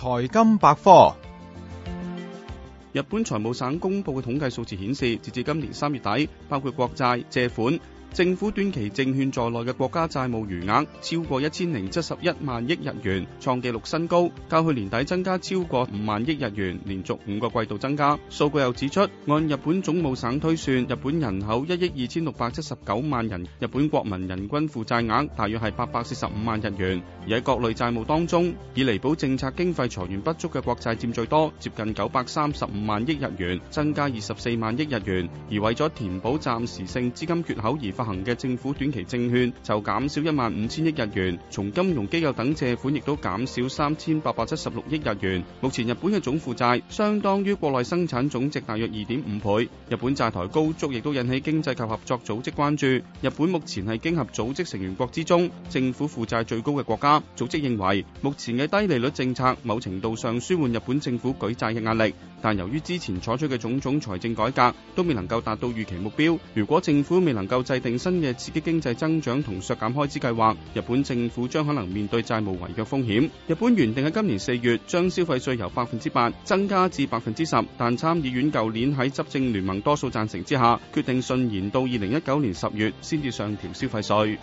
財金百科，日本財務省公布嘅統計數字顯示，截至今年三月底，包括國債、借款、政府短期證券在內嘅國家債務餘額超過一千零七十一萬億日元，創紀錄新高，較去年底增加超過五萬億日元，連續五個季度增加。數據又指出，按日本總務省推算，日本人口一億二千六百七十九萬人，日本國民人均負債額大約係八百四十五萬日元。而喺各類債務當中，以彌補政策經費財源不足嘅國債佔最多，接近九百三十五萬億日元，增加二十四萬億日元。而為咗填補暫時性資金缺口而發行嘅政府短期證券就減少一萬五千億日元，從金融機構等借款亦都減少三千八百七十六億日元。目前日本嘅總負債相當於國內生產總值大約二點五倍。日本債台高築，亦都引起經濟及合作組織關注。日本目前係經合組織成員國之中政府負債最高嘅國家。組織認為，目前嘅低利率政策某程度上舒緩日本政府舉債嘅壓力，但由於之前採取嘅種種財政改革都未能夠達到預期目標，如果政府未能夠制定定新嘅刺激經濟增長同削減開支計劃，日本政府將可能面對債務違約風險。日本原定喺今年四月將消費稅由百分之八增加至百分之十，但參議院舊年喺執政聯盟多數贊成之下，決定順延到二零一九年十月先至上調消費稅。